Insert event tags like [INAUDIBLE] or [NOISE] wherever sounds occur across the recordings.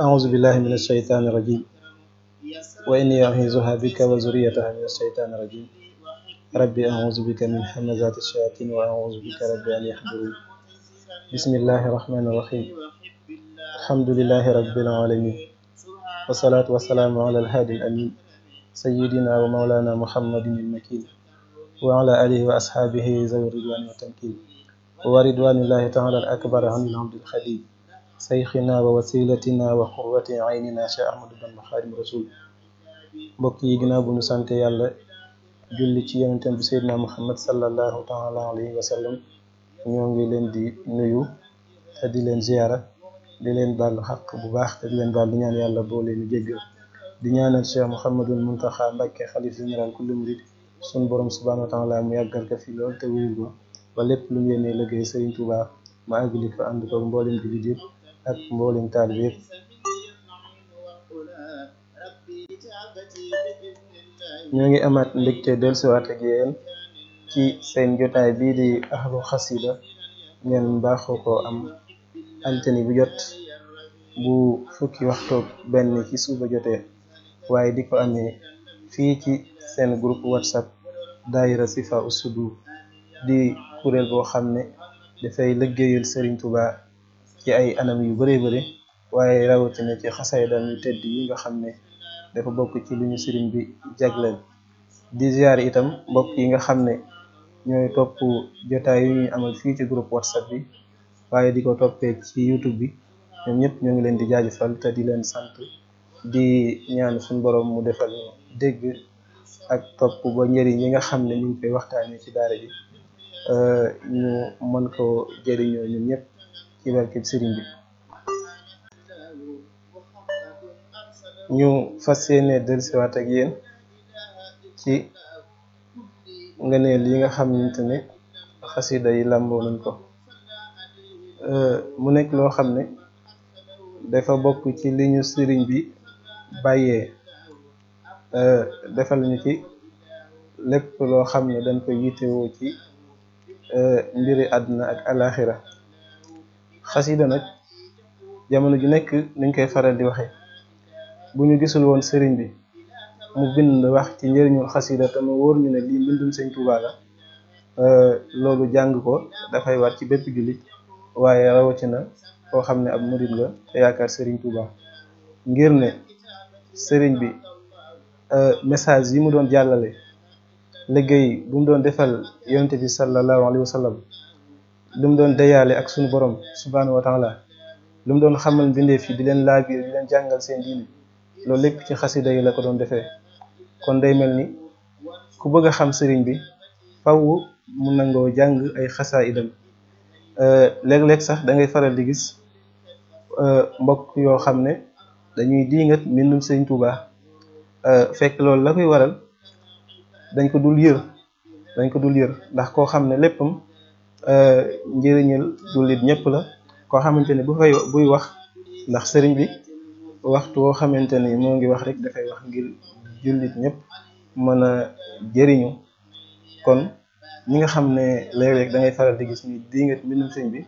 أعوذ بالله من الشيطان الرجيم وإني أعيذها بك وزريتها من الشيطان الرجيم ربي أعوذ بك من حمزات الشياطين وأعوذ بك ربي أن يحضرون بسم الله الرحمن الرحيم الحمد لله رب العالمين والصلاة والسلام على الهادي الأمين سيدنا ومولانا محمد المكين وعلى آله وأصحابه ذوي الرضوان والتمكين wa ridwanillahi taala al akbar anil hamdil xadim sayxina wa wasilatina wa qurrati aynina cheikh ahmadou bamba xaadim rasul mbokk yi ginaa bu ñu sante yàlla julli ci yonentam bi seydina muhammad sallallahu taala alayhi wa sallam ñoo ngi leen di nuyu te di leen ziara di leen baalu xaq bu baax te di leen baal di ñaan yàlla boo leen jéggal di ñaanal cheikh muhammadul muntaxa mbakke xalif général kulli murid sun borom subhanahu wa taala mu yàggal ko fi lool te wéyul ko ba lepp lu yéene liggéey sëriñ Touba ma àggli ko ànd ko mboolem jullit yëpp ak mboolem taalib yëpp ñoo ngi amaat mbégte dellusiwaat ak yéen ci seen jotaay bii di ahlu xasida ngeen baaxoo ko am antenne bu jot bu fukki waxtoog benn ci suuba jotee waaye di ko amee fii ci seen groupe whatsapp daayira sifa usudu di kuréel boo xam ne dafay lëggéeyal sëriñ tuba ci ay anam yu bare bare waaye rawatina ci xasaydam yu tedd yi nga xam ne dafa bokk ci li ñu sëriñ bi jagleel di ziar itam mbokk yi nga xam ne ñooy topp jotaay yu ñuy amal fii ci groupe whatsapp bi waaye di ko toppee ci youtube bi ñoom ñëpp ñoo ngi leen di jaajëfal te di leen sant di ñaan suñu boroom mu defal dégg ak topp ba njëriñ yi nga xam ne ñu ngi koy waxtaanee ci daara ji Euh, ñu mën ko jëriñoo ñun ñëpp ci barkeb sëriñ bi ñu fas yéene dellusiwaat ak yéen ci ngëneel yi nga xamante ne xasida yi làmboo nañ ko euh, mu nekk loo xam ne dafa bokk ci li ñu sëriñ bi bàyyee euh, defal ñu ci lépp loo xam ne dañ ko yittewoo ci Euh, mbiri àdduna ak alaxira xasida nag jamono ju nekk niñ koy faral di waxe bu ñu gisul woon sëriñ bi mu bind wax ci njëriñu xasida te mu wóor ñu ne lii mbindum sëñ Tuubaa euh, loolu jàng ko dafay war ci bépp jullit waaye rawatina koo xam ne ab murid la te yaakaar sëriñ Tuubaa ngir ne sëriñ bi euh, message yi mu doon jàllale liggéey bu mu doon defal yonte bi sallallahu alayhi wa sallam lu mu doon dayaale ak suñu boroom subhanahu wa taala lu mu doon xamal mbindeef yi di leen laabiir di leen jàngal seen diini loolu lépp ci xasida yi la ko doon defee kon day mel ni ku bëgg a xam sëriñ bi faw mu nangoo jàng ay xasaayidam euh, léeg-léeg sax dangay faral di gis euh, mbokk yoo xam ne dañuy diingat mbindum sëriñ Tuubaa euh, fekk loolu la koy waral dañ ko dul yër dañ ko dul yër ndax koo xam ne léppam euh, njëriñal jullit ñëpp la koo xamante ni bu fay buy wax ndax sëriñ bi waxtu woo xamante ni moo ngi wax rek dafay wax ngir jullit ñëpp mën a jëriñu kon ñi nga xam ne léeg-léeg da ngay faral di gis ni dingat mbindum sëriñ bi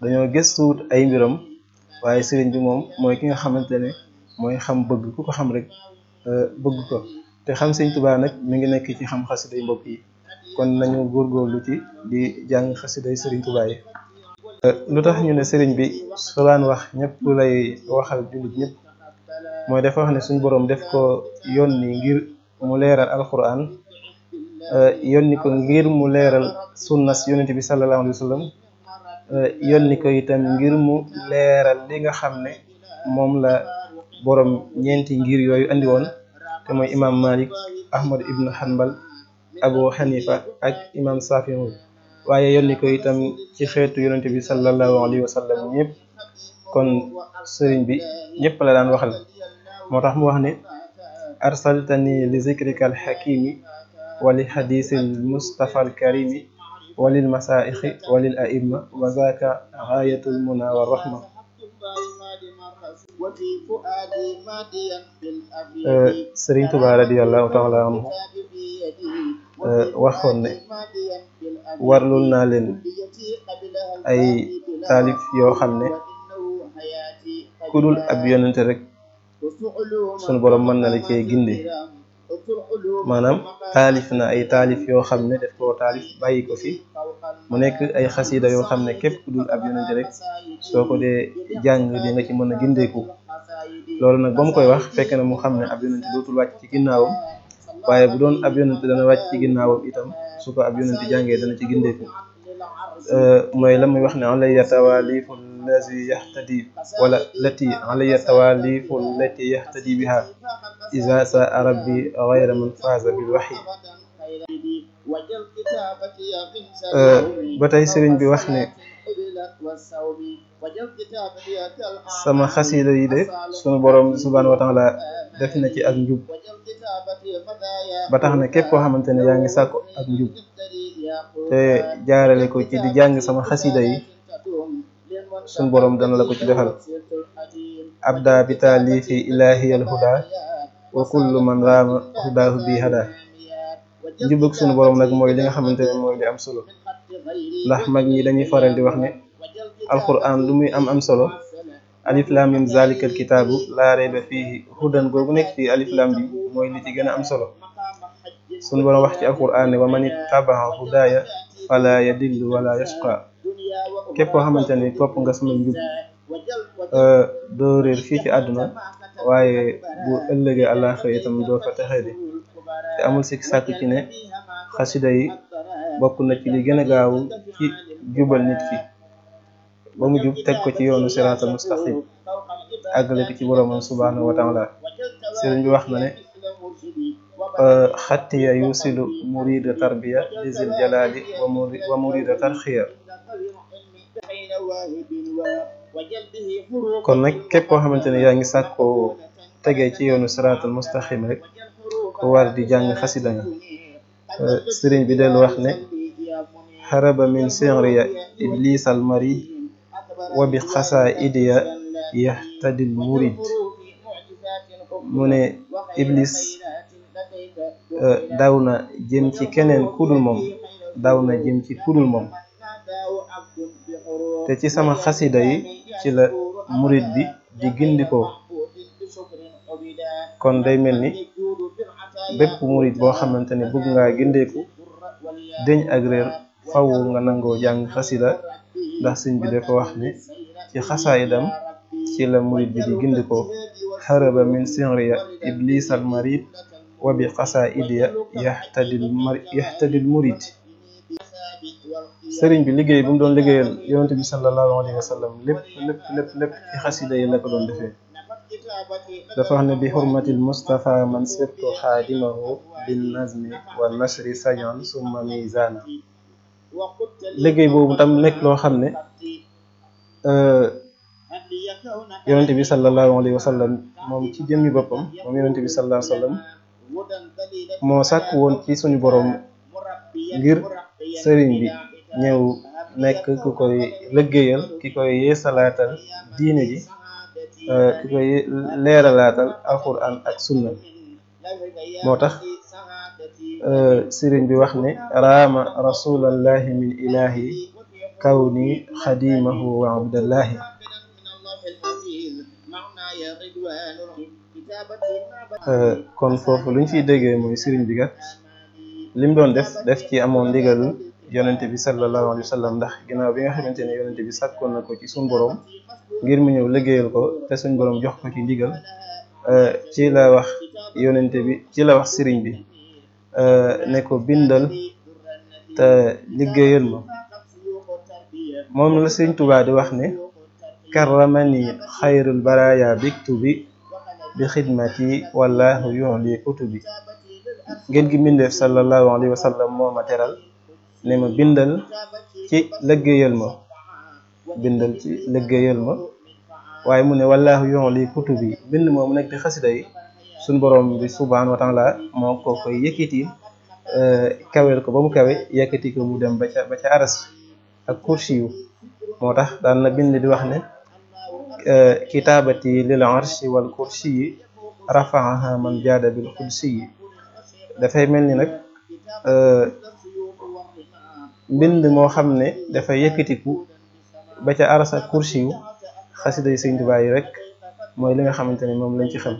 dañoo gëstuwut ay mbiram waaye sëriñ bi moom mooy ki nga xamante ne mooy xam bëgg ku ko xam rek euh, bëgg ko te xam seigne touba nak mi ngi nek ci xam xasida yi mbokk yi kon nañu lu ci di jang xasida yi sëriñ tubaa yi lutax ñu ne seigne bi su daan wax ñëpp lay waxal jullit ñepp moy dafa wax ne suñu borom def ko yonni ngir mu leeral alquran yonni ko ngir mu leeral sunnas yonni bi sallallahu alayhi wasallam yonni ko itam ngir mu leeral li nga xam mom la borom ñenti ngir yoyu andi won te mooy imaam malik ahmad ibnu hanbal abu xanifa ak imaam safiru waaye yónni ko itam ci xeetu yonente bi sallallahu alayhi wa sallam ñëpp kon sëriñ bi ñëpp la daan waxal moo tax mu wax ne arsaltani li zikrika al xakimi wa li xadisi al mustafa al karimi wa lil masaixi wa lil aimma wa zaka gaayatul muna wa rahma Sëriñ Tuubaa radiyallaahu taala anhu waxoon ne warlul naa leen ay taalif yoo xam ne ku ab yonente rek sunu borom mën na la cee gindi maanaam taalif na ay taalif yoo xam ne def koo taalif bàyyi ko fi mu nekk ay xasida yoo xam ne képp ku dul ab yonent rek soo ko dee jàng di nga ci mën a gindeeku loolu nag ba mu koy wax fekk na mu xam ne ab yonent dootul wàcc ci ginnaawam waaye bu doon ab yonent dana wàcc ci ginnaawam itam su ko ab yonent jàngee dana ci gindeeku mooy la muy wax ne alayya tawaalifu allazi yahtadi wala lati alayya tawaalifu allati yahtadi biha إذا سأل ربي غير من فاز بالوحي ba tey sëriñ bi wax ne sama xasida yi سبحان وتعالى borom subhanahu wa taala ba tax na képp koo xamante ne ak njub te jaarale ko ci di sama borom dana la ko ci defal ilahi al huda wa kullu man raama hudaahu bi hada jubug sunu borom nag mooy li nga xamante ne mooy li am solo ndax mag ñi dañuy faral di wax ne alquran lu muy am am solo alif lam mim zalikal kitaabu laa rayba fiihi hudan googu nekk fii alif lam bi mooy li ci gën am solo sunu borom wax ci alquran ne wa man ittabaha hudaaya fala yadillu wala yashqa képp koo xamante ne nga sama njub euh, doo réer fii ci àdduna waaye bu ëllëgee àllaaxira itam doo fa texe di te amul sikk sàkk ci ne xasida yi bokk na ci li gën a gaaw ci jubal nit ki ba mu jub teg ko ci yoonu siraatal mustaqim àggale ko ci boroomam subhaanahu wa taala sëriñ bi wax na ne xattiya yusilu murida tarbiya lizil jalaali wa murida tarxiya kon nag képp koo xamante ne yaa ngi sàkkoo tegee ci yoonu siraatal mustaqim rek war di jàng xasida nga euh, sëriñ bi del wax ne xaraba min sinriya iblis al marid wa bi xasaa idiya yahtadil murid mu ne iblis euh, daw na jëm ci keneen kudul moom daw na jëm ci kudul moom te ci sama xasida yi ci la murid bi di gindiko kon day melni bepp murid boo xamante bëgg nga gindeku deñ ak reer faw nga nango jang khasida ndax señ bi dafa wax ni ci khasaidam ci la murid bi di gindiko haraba min sinriya iblis al marid wa bi xasaidiya yahtadi murid sëriñ bi liggéey bu mu doon liggéeyal yonent bi sallallahu alayhi wa sallam lépp lépp lépp ci xasida yi la ko doon defee dafa wax ne bi xurmatil mustafa man sirtu xaadimahu bin nazmi wal nasri sañoon summa mizaana liggéey boobu tam nekk loo xam ne euh, yonent bi sallallahu alayhi wa sallam moom ci jëmmi boppam moom yonent bi sallallahu alayhi wa moo sàkk woon ci suñu boroom ngir sëriñ bi ñëw nekk ku koy lëggéeyal ki koy yeesalaatal diine ji euh, ki koy leeralaatal alquran ak sunna moo tax euh, sëriñ bi wax ne raama rasulallahi min ilahi kawni xadimahu wa abdallahi euh, kon foofu luñ ciy déggee mooy sëriñ bi kat lim doon def def ci amoon ndigalul yonente bi sallallahu alayhi wa sallam ndax ginnaaw bi nga xamante ne yonente bi sàkkoon na ko ci suñ borom ngir mu ñëw liggéeyal ko te suñ borom jox ko ci ndigal euh, ci la wax yonente bi ci la wax sëriñ bi euh, ne ko bindal te liggéeyal ma moom la sëriñ Tuubaa di wax ne karramani xayrul baraya biktubi bi xidmati wallahu yuhli kutubi ngeen gi mbindeef sallallahu alayhi wa sallam moo ma teral ne ma bindal ci lëggéeyal ma bindal ci lëggéeyal ma waaye mu ne wallaahu yoon li kutubi bind moom nekk di xasida yi suñ borom bi subhaanahu wa taala moo ko koy yëkkati eh, kaweel ko ba mu kawe yëkkati ko mu dem ba ca aras ak kursi yu moo tax daan na bind di wax ne eh, kitaabati lil arshi wal kursi yi rafaaha man jaada bil yi dafay mel ni nag eh, mbind moo xam ne dafa yëkkatiku ba ca arasa kursi yu xasida yi Sëñ Tuubaa yi rek mooy li nga xamante ne moom lañ ci xam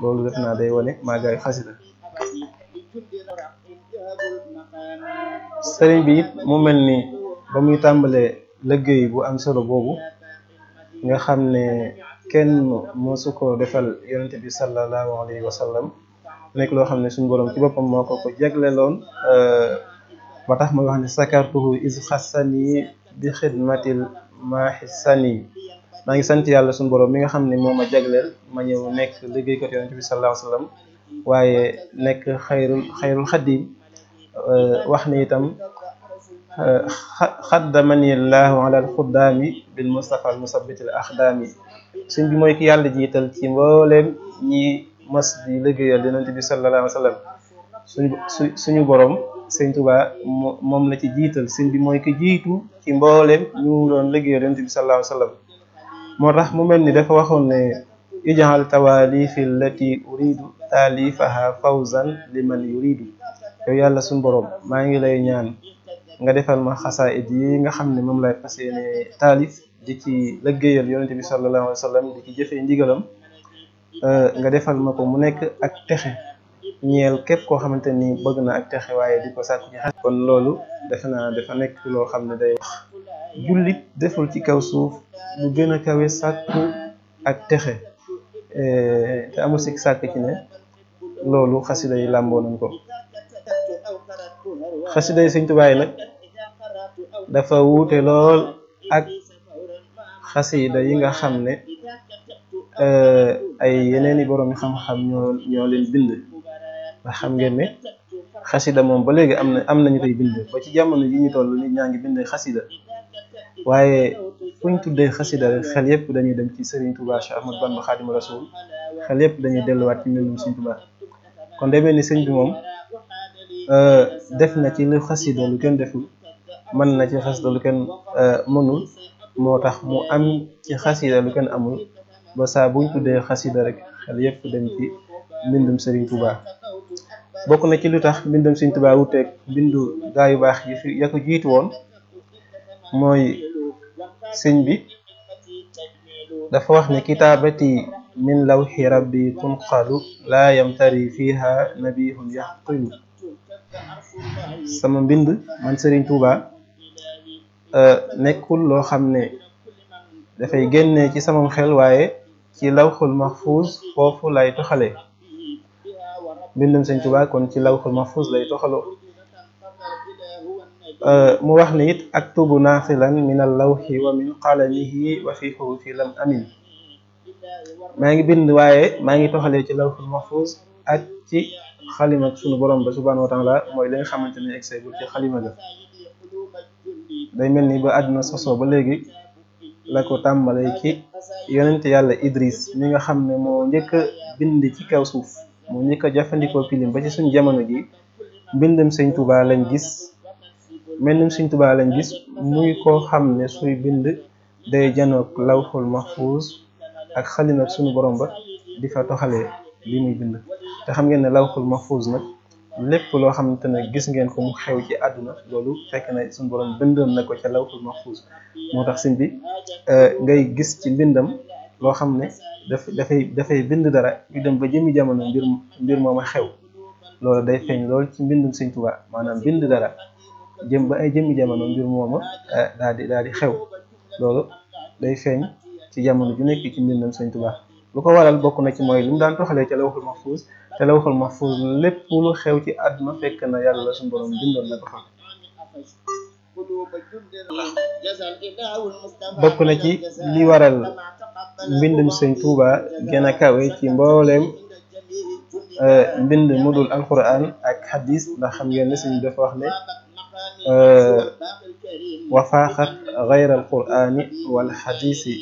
loolu def naa day wane maagaayu xasida sëriñ bi it mu mel ni ba muy tàmbalee liggéey bu am solo boobu nga xam ne kenn moo su ko defal yonente bi sallallahu alayhi wa sallam nekk loo xam ne suñu borom ci boppam moo ko ko jagleloon ba tax muy wax ne sakartuhu is xasani bi xidmatil maaxisani maa ngi sant yàlla suñu borom mi nga xam ne moom ma jagleel ma ñëw nekk liggéeykat yonent bi sallallahu alayhi waaye nekk xayrul xayrul xadim wax ni itam xaddamani llahu ala alxuddaami bil mustafa al musabitil axdaami suñ yàlla jiital ci mbooleem ñi mas di liggéeyal yonent bi sallallahu alayhi suñu boroom sëñ Tuba moom la ci jiital sëñ bi mooy ko jiitu ci mbooleem ñu doon liggéey yonent bi sallallahu wa sallam moo tax mu mel ni dafa waxoon ne ijal tawaalifi lati uridu taalifaha fawzan liman yuridu yow yàlla suñ boroom maa ngi lay ñaan nga defal ma xasaayid yi nga xam ne moom lay fas yéene taalif di ci liggéeyal yonent bi sallallahu alayhi wa sallam di ci jëfee ndigalam nga defal ma ko mu nekk ak texe ñeel képp koo xamante ni bëgg na ak texe waaye di ko sàkku ci xas kon loolu defe naa dafa nekk loo xam ne day jullit deful ci kaw suuf lu gën a kawe sàkku ak texe eh, te amul sikk sàkk ci ne loolu xasida yi làmboo nañ ko xasida yi Sëñ Tuubaa nag dafa wuute lool ak xasida yi nga xam ne eh, ay yeneen i borom xam-xam ñoo ñoo leen bind ndax xam ngeen ne xasida moom ba léegi am na am nañu koy bind ba ci jamono yi ñu toll nit ñaa ngi bind xasida waaye fuñ tuddee xasida rek xel yëpp dañuy dem ci sëriñ Touba Cheikh Ahmadou Bamba Xaadimu Rasuul yëpp dañuy delluwaat ci mbindum sëriñ Touba kon day ni sëñ bi moom euh, def na ci lu xasida lu kenn mën na ci xasida lu kenn euh, mënul moo tax mu am ci xasida lu kenn amul ba buñ tuddee xasida rek xel yëpp dem ci mbindum sëriñ Touba bokk na ci lu tax mbindum Sëriñ Tuubaa wuteeg mbindu gaa yu baax yi ya ko woon mooy sëñ bi dafa wax ne kitaabati min lawxi rabbi tunqalu laa yamtari fiha nabihun yaxqilu sama mbind man Sëriñ Tuubaa euh, nekkul loo xam ne dafay génne ci samam xel waaye ci lawxul mahfuus foofu lay toxale bindam sëñ Tuubaa kon ci lawxul mahfuus lay toxaloo euh, mu wax ne ak aktubu naafilan min al lawxi wa min qalamihi wa fi xurufi lam amin maa ngi bind waaye maa ngi toxalee ci lawxul mahfuus ak ci xalima sunu borom ba subhaanahu wa taala mooy li nga xamante ne egg seegul ci xalima ga day mel ni ba àdduna sosoo ba léegi la ko tàmbalee ci yonent yàlla Idris mi nga xam ne moo njëkk a bind ci kaw suuf moo njëkk jafandikoo jëfandikoo pilim ba ci suñ jamono ji mbindum sëñ Tuubaa lañ gis mbindum sëñ lañ gis muy koo xam ne suy bind day janoog lawxul mahfuus ak xalimag suñu borom ba di fa toxalee li muy bind te xam ngeen ne max mahfuus nag lépp loo xamante ne gis ngeen ko mu xew ci àdduna loolu fekk na suñ borom bindoon na ko ca lawxul mahfuus moo tax sëñ bi euh, ngay gis ci mbindam loo xam ne daf dafay dafay bind dara ñu dem ba jëmmi jamono mbir mbir moom a xew loolu day feeñ loolu ci mbindum sëñ Tuba maanaam bind dara jëm ba ay jëmmi jamono mbir mooma eh, daal di daal di xew loolu day feeñ ci jamono ju nekk ci mbind sëñ Tuba lu ko waral bokk na ci mooy li mu daan toxalee ca lawxul mahfuus te lawxul mahfuus lépp lu xew ci àdduna fekk na yàlla la bindoon na ko bokk na ci li waral mbindum sëñ Tuuba gën a ci mbooleem euh, mbind mu dul alquran ak xadis ndax xam ngeen ne suñu dafa wax ne euh, wafaaxat gayra alqurani wal xadisi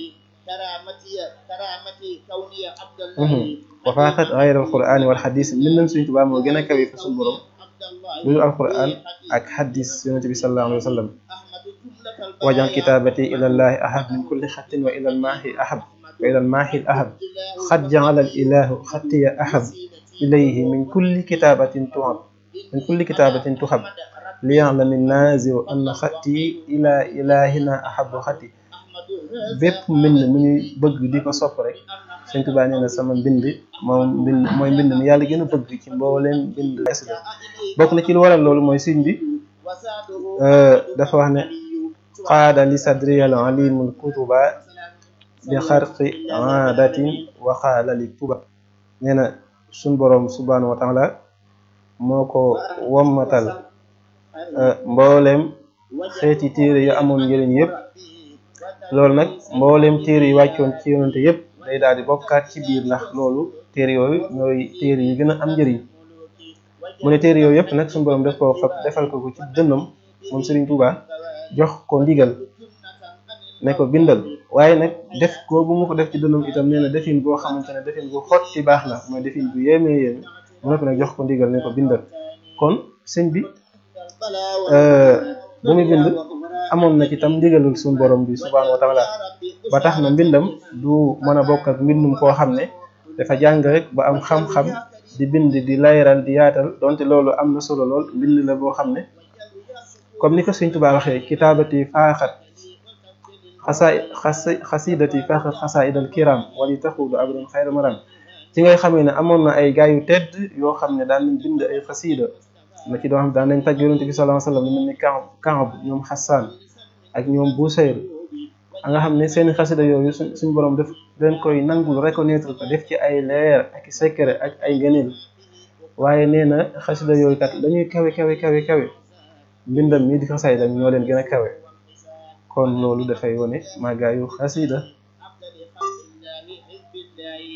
mhm. wafaaxat gayra alqurani wal xadisi mbindum sëñ Tuuba moo gën a kawe fa suñu lu dul alquran ak xaddis yonente bi sallallahu alayhi wa sallam wajan kitabati ilallahi ahab min kulli xattin wa ilal maahi ahab wa ilal maahi ahab xad jaala al ilahu xattiya ahab ilayhi min kulli kitabatin tuhab min kulli kitabatin tuhab liyaalami naziru anna xatti ila ilahina ahabu xatti bépp mbind mu ñuy bëgg di ko sopp rek Sëñ Tuubaa nee na sama mbind moom mooy mbind mi yàlla gën a bëgg ci mbooleem mbind bokk na ci lu waral loolu mooy sëñ bi euh, dafa wax ne qaada li sadriyal alimul kutuba bi xarqi aadatin wa qaala li tuba nee na suñ boroom subhanahu wa taala moo ko wommatal euh, mbooleem xeeti téere yi amoon njëriñ yëpp loolu nag mboolem téere yu wàccoon ci yonante yëpp day daal di bokkaat ci biir ndax loolu téré yooyu ñoy téré yi gëna am jëri mu né téré yooyu yëpp nak suñu borom def ko fab defal ko ci dënnam moom sëriñ Touba jox ko ndigal ne ko bindal waaye nag def bu mu ko def ci dënnam itam nee na defin boo xamantene ne defin bu xot ci baax la mooy defin bu yéeme yéeme mu ne ko nag jox ko ndigal ne ko bindal kon sëñ bi euh, bu muy bind amoon na ci tam ndigalul suñu borom bi subhanahu wa taala ba tax na mbindam du mën a bokk ak mbindum koo xam dafa jàng rek ba am xam-xam di bind di layral di yaatal donte loolu am na solo lool bind la boo xam ne comme ni ko Sëñ Tuubaa waxee kitaabati faaxat xasaay xasidati faaxat xasaidal kiram wali taxudu abdan xayra maram ci ngay xame ne amoon na ay gaay yu tedd yoo xam ne daan bind ay xasida na ci doo xam daan nañ taj yonente bi sallallahu alayhi wa ñoom Xassaan ak ñoom Busayr a nga xam ne seeni xasida yooyu suñ suñ borom def leen koy nangul reconnaître ko def ci ay leer ak secret ak ay ngëneel waaye nee na xasida yooyu kat dañuy kawe kawe kawe kawe mbindam mi di xasayda ñoo leen gën a kawe kon loolu dafay wone màggaayu xasida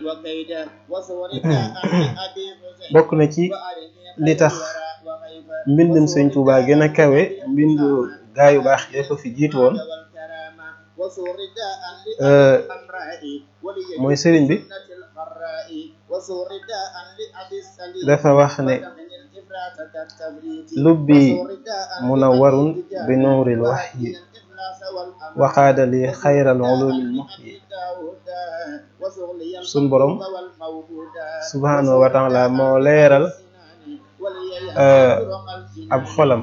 [COUGHS] bokk na ci li tax mbindum sëñ Tuubaa gën a kawe mbindu gaayu baax yee ko fi jiitu woon Euh, mooy sëriñ bi dafa wax ne lubbi munawarun bi nuuril waxyi waqaada li xayral ulumil muxyi sun borom subhaanahu wa taala moo leeral euh, ab xolam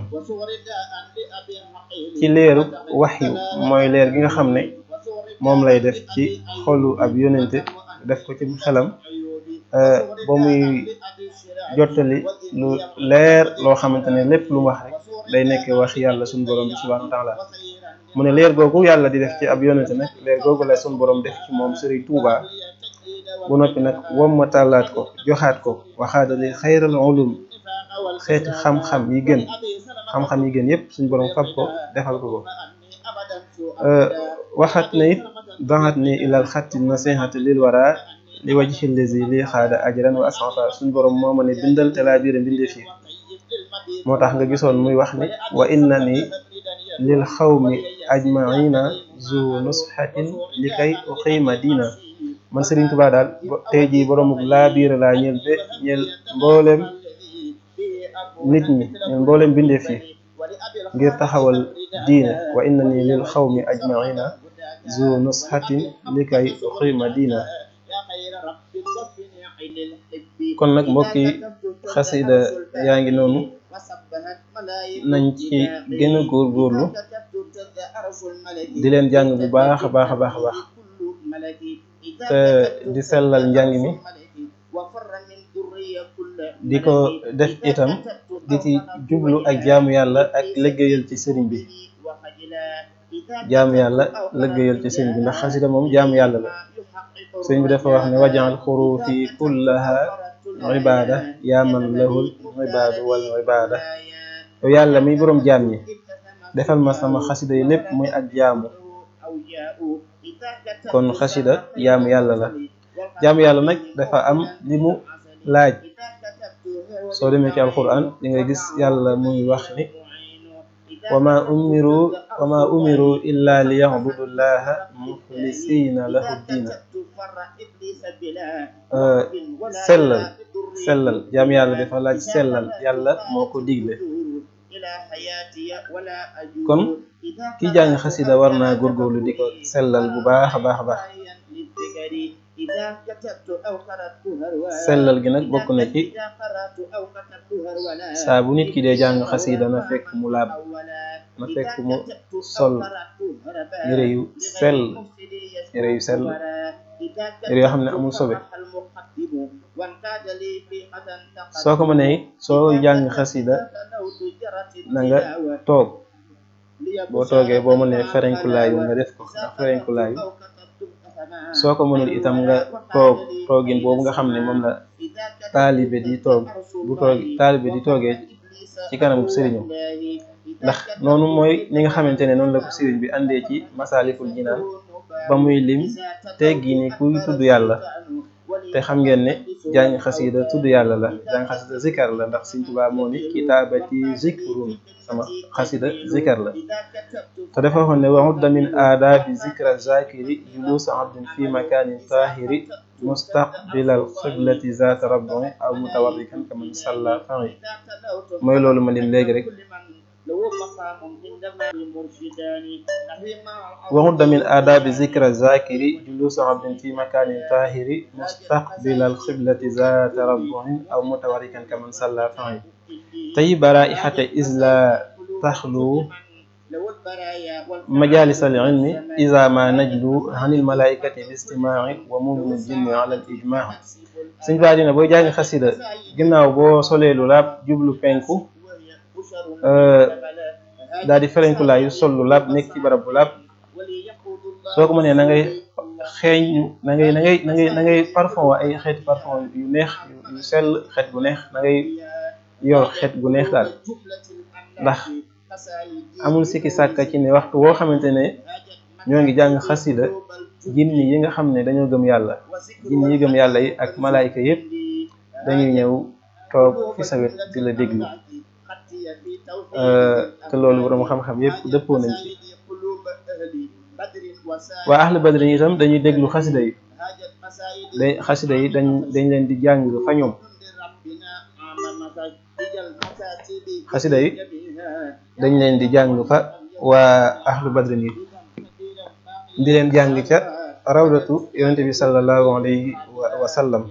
ci leeru waxyu mooy leer gi nga xam ne moom lay def ci xolu ab yonente def ko ci xelam euh, ba muy jottali lu leer loo xamante ne lépp lu wax rek day nekk wax yàlla suñu borom bi subhanahu wa taala mu ne leer googu yàlla di def ci ab yonente nag leer googu la suñu borom def ci moom Serigne Touba bu noppi nag wom ma tàllaat ko joxaat ko waxaadali xayral ulum xeeti xam-xam yi gën xam-xam yi gën yépp suñu borom fab ko defal ko ko waxat na it daxat ni ilal xatti nasihati lil wara li wajhi lazi li xaada ajran wa asfa suñu borom moo ma ne bindal te laa biir bindee fii moo tax nga gisoon muy wax ni wa inna ni lil xawmi ajmaina zu nusxatin li kay uqiima diina man Sëriñ Tuubaa daal tey jii boromuk laa biir laa ñeel be ñeel mboolem nit ñi ñun mboolem bindeef yi ngir taxawal diine wa inna ni lil xawmi ajmaina zu nushatin likay xima diina kon nag mbokki xasida yaa ngi noonu nañ ci gën a góorgóorlu di leen jàng bu baax a baax a baax baax di sellal njàng mi di ko def itam di ci jublu ak jaamu yàlla ak lëggéeyal ci sëriñ bi jaamu yàlla lëggéeyal ci sëriñ bi ndax xasida moom jaamu yàlla la sëriñ bi dafa wax ne wajaal xuruufi kullaha ibaada yaa man lahul ibaadu wal ibaada yow yàlla mi boroom jaam yi defal ma sama xasida yi lépp muy ak jaamu kon xasida jaamu yàlla la jaamu yàlla nag dafa am li mu laaj soo demee ci alquran di nga gis yàlla muy wax ni wa ma umiru illa li yaxbudu llaha muxlisina lahu diina sellal sellal jaam yàlla dafa laaj sellal yàlla moo ko digle kon ki jàng xasida war naa góorgóorlu di ko sellal bu baax a baax a baax sellal gi nag bokk na ci saa bu nit ki dee jàng xasida na fekk mu laab na fekk mu sol yére yu sell yére yu sell yére yoo xam ne amul sobe soo ko mënee soo jàng xasida na nga toog boo toogee boo mënee ferenkulaayu nga def ko ndax ferenkulaayu soo ko mënul itam nga toog toogin boobu nga xam ne moom la taalibe di toog bu toog taalibe di toogee ci kanamu sëriñam ndax noonu mooy ni nga xamante ne noonu la ko sëriñ bi àndee ci masaalikul jinaan ba muy lim teggi ni kuy tudd yàlla te xam ngeen ne jàng xasida tudd yàlla la jàng xasida zikar la ndax Sëñ Tuubaa moo ni kitaabati zikrun sama xasida zikar la te dafa waxoon ne waxudda min aadaabi zikra zakiri juluusa abdin fi makaanin taahiri mustaqbilal xiblati zaata rabbon aw mutawarrikan kaman salla fani mooy loolu ma lim léegi rek وهد من آداب ذكر الذاكر جلوس عبد في مكان طاهر مستقبل القبلة ذات ربع أو متوركا كمن صلى فعل طيب رائحة إذ لا تخلو مجالس العلم إذا ما نجلو عن الملائكة باستماع ومؤمن الجن على الإجماع. Sëñ bi dina booy jàng xasida ginnaaw boo solee lu laab jublu penku Eh, daal di fereñku yu sol lu laab nekk ci barabu lab soko soo nangay mënee nangay nangay nangay nangay parfum ay xeeti eh, parfum yu neex yu sel xeet bu neex nangay yo yor bu neex dal ndax amul sikki sàkka ci ni waxtu wo xamantene ñoo ngi jang xasida jinni yi nga xamne dañu gëm yalla jinni yi gëm yalla yi ak malaika yépp dañuy ñew tok fi sawet di la déglu te euh, loolu borom xam-xam yëpp dëppoo nañ ci waa ahlu badrin itam dañuy déglu xasida yi day xasida yi dañ dañ leen di jàng fa ñoom xasida yi dañ leen di jàng fa waa ahlu badrin yi di leen jàng ca rawdatu yonente bi sallallahu alayhi wa sallam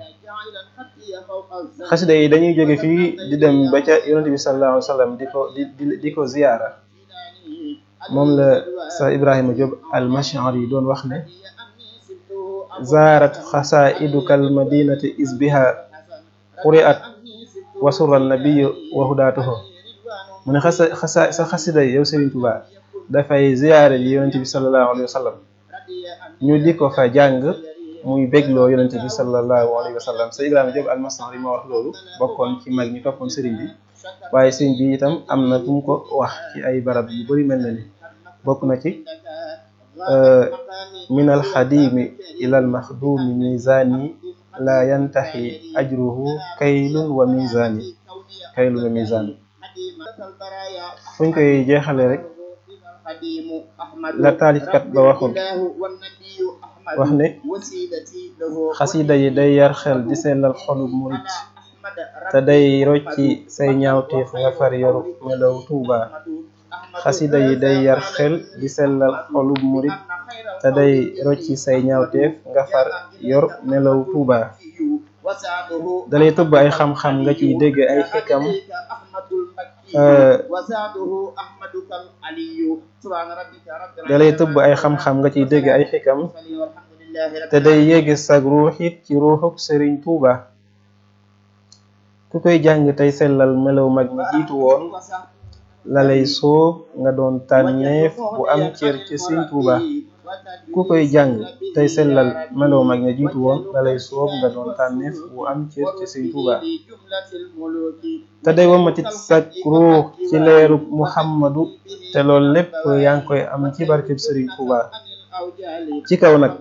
xasida yi dañuy jóge fii di dem ba ca yonent bi sallallahu wa sallam di ko di di ko ziyaara moom la sax Ibrahima Diop al-Mash'ari doon wax ne zaarat xasaiduka almadinati isbiha quri'at wa surra annabiyu wa hudaatuhu mu ne xasa xasa sa xasida yi yow Serigne Touba dafay ziyaara yi yonent bi sallallahu wa sallam ñu di ko fa jàng muy bégloo yonente bi sallallahu alayhi wa sallam sa Ibrahima Diop almasari ma wax loolu bokkoon ci mag ñi toppoon sëriñ bi waaye sëriñ bi itam am na fu ko wax ci ay barab yu bari mel na ni bokk na ci euh, min alxadimi ila almaxdumi misani la yantaxi ajruhu kaylun wa misani kaylun wa misani fuñ koy jeexale rek la taalifkat ba waxul wax ne xas yi day day yar xel di sellal xolub murit te day rocci say ñaawteef nga far yoru melow tuuba xasida yi day yar xel di sellal xolub murit te day rocci say ñaawteef nga far yor melow tuuba dalay tub ay xam-xam nga ciy dégg ay xikam Euh, da lay tëbb ay xam-xam nga ciy dégg ay xikam te day yéegi sag ruux ci ruuxuk Sëriñ Tuuba ku koy jàng tey sellal melaw mag ñi woon la lay nga doon tànneef bu am cër ci Tuuba ku koy jàng tey sellal meloo mag ña jiitu woon dalay soob nga doon tànneef wu am cër ci Sëñ Tuubaa te day wamatit sag ruux ci leeru Muhammadu te loolu lépp yaa ngi koy am ci barkeb Sëriñ Tuubaa ci kaw nag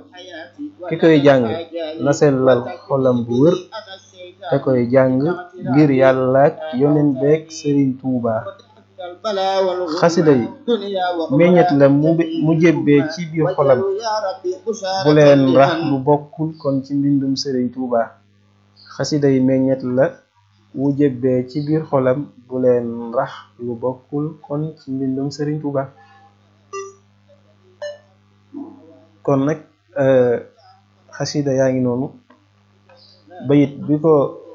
ki koy jàng na sellal xolam bu wër te koy jàng ngir yàlla ak yoneen beeg Sëriñ Tuubaa xasida yi meññet la mu jébbee ci biir xolam bu leen rax lu bokkul kon ci mbindum sëriñ Tuuba xasida yi meññet la mu jébbee ci biir xolam bu leen rax lu bokkul kon ci mbindum sëriñ Tuuba kon nag euh, xasida yaa ngi noonu bayit bi ko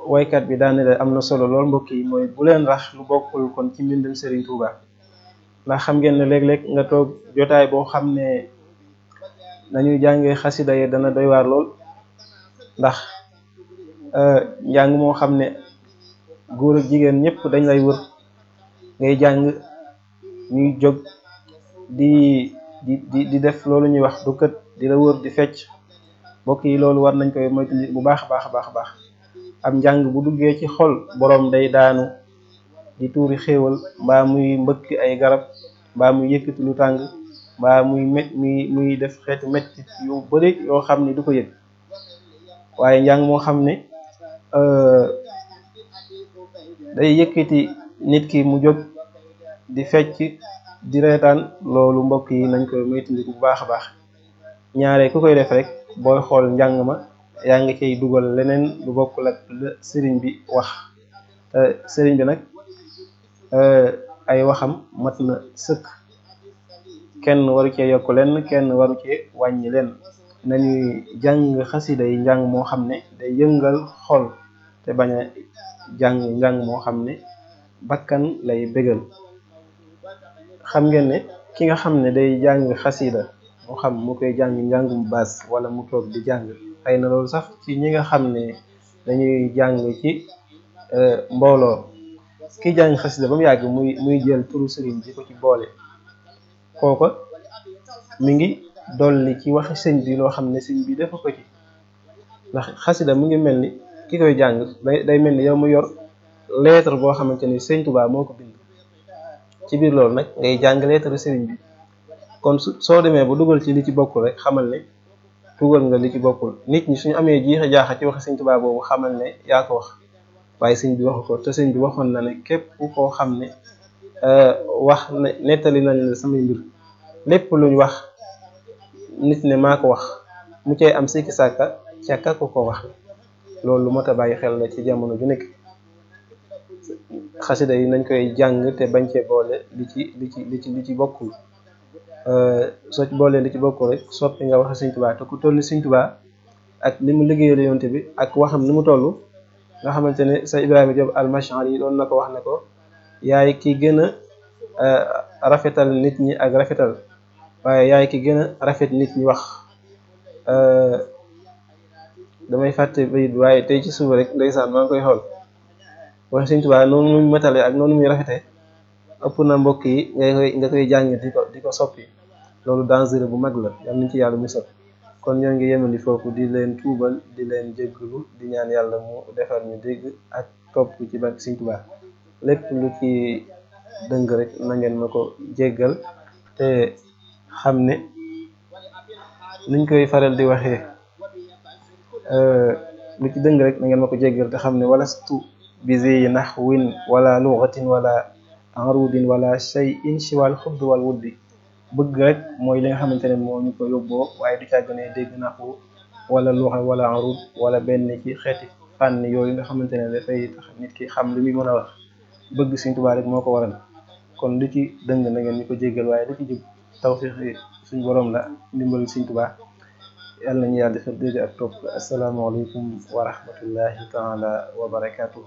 waykat bi daane leen am na solo lool mbokk mooy bu leen rax lu bokkul kon ci mbindum Serigne Touba ndax xam ngeen ne léeg nga toog jotaay boo xam ne nañuy jàngee xasida yi dana doy waar lool ndax euh, njàng moo xam ne góor ak jigéen ñëpp dañ lay wër ngay jàng ñuy jóg di di di di def loolu ñuy wax du kët di la wër di fecc mbokk yi loolu war nañ koy moytu bu baax a baax a baax a baax am njàng bu duggee ci xol boroom day daanu di tuuri xéewal mbaa muy mbëkk ay garab mbaa muy yëkkati lu tàng mbaa muy met muy muy def xeetu metti yu bëri yoo xam ne du ko yëg waaye njàng moo xam ne euh, day yëkkati nit ki mu jóg di fecc di reetaan loolu mbokk yi nañ koy moytandiku bu baax baax ñaare ku koy def rek booy xool njàng ma yaa ngi cay dugal leneen lu bokk ak la sëriñ bi wax sëriñ bi nag eh, ay waxam mat na sëkk kenn waru cee yokk lenn kenn waru cee wàññi lenn nañuy jàng xasida yi njàng moo xam ne day yëngal xool te bañ a jàng njàng moo xam ne bakkan lay bégal xam ngeen ne ki nga xam ne day jàng xasida moo xam mu koy jàng njàngum baas wala mu toog di jàng xëy na sax ci ñi nga xam ne dañuy jàng ci euh, mbooloo ki jàng xasida ba mu yàgg muy muy jël turu bi ko ci boole kooko mi ngi dolli ci waxi sëñ bi loo xam ne sëñ bi dafa ko ci ndax mu ngi mel ni ki koy jàng day day mel ni yow mu yor lettre boo xamante ni sëñ Tuubaa moo ko bind ci biir lool nag ngay jàng lettre sëriñ bi kon soo demee ba dugal ci li ci bokk rek xamal ne tugal nga li ci bokkul nit ñi suñu amee jiixa jaaxa ci waxe sëñ Tuubaa boobu xamal ne yaa ko wax waaye sëñ bi waxu ko te sëñ bi waxoon na ne képp ku koo xam ne euh, wax na nettali nañ la samay mbir lépp luñ wax nit ne maa ko wax mu cay am sikki sàkka càkka ku ko wax loolu lu mot a bàyyi xel la ci jamono ju nekk xasida yi nañ koy jàng te bañ cee boole li ci li ci li ci li ci bokkul Euh, soo ci boolee di ci bokk rek soppi nga waxe Sëñ Tuubaa te ku toll ni Sëñ Tuubaa ak li mu liggéeyal yonte bi ak waxam nu mu toll nga xamante ne sa Ibrahima Diop almachan yi doon na ko wax ne ko yaay ki gën a euh, rafetal nit ñi ak rafetal waaye yaay ki gën a rafet nit ñi wax euh, damay fàtte bayit waaye tey ci suba rek ndeysaan maa ngi koy xool waxe Sëñ Tuubaa noonu muy matale ak noonu muy rafete ëpp na mbokk yi ngay koy nga koy jàng di ko di ko soppi loolu danger bu mag la yal nañ ci yàlla kon ñoo ngi yemandi foofu di leen tuubal di leen jégglu di ñaan yàlla mu defar ñu dégg ak topp ci ki Sëriñ tubaa lépp lu ci dëng rek na ngeen ma ko jéggal te xam ne niñ koy faral di waxee euh, lu ci dëng rek na ngeen ma ko jéggal te xam ne walastu bi nax win wala lugatin wala enrudin wala shay in siwal xubd wal bi bëgg rek mooy li nga xamante ne moo ñu ko yóbboo waaye du càgg ne dégg naqu wala luxa wala enrud wala benn ci xeeti fànn yooyu nga xamante ne dafay nit ki xam li muy mën a wax bëgg Sëriñ Tuubaa rek moo ko waral kon lu ci dëng na ngeen ñu ko jéggal waaye lu ci jub tawfiix suñ boroom la ndimbal Sëriñ Tuubaa yàlla nañu yàlla defal dégg ak topp asalaamaaleykum wa rahmatullahi taala wa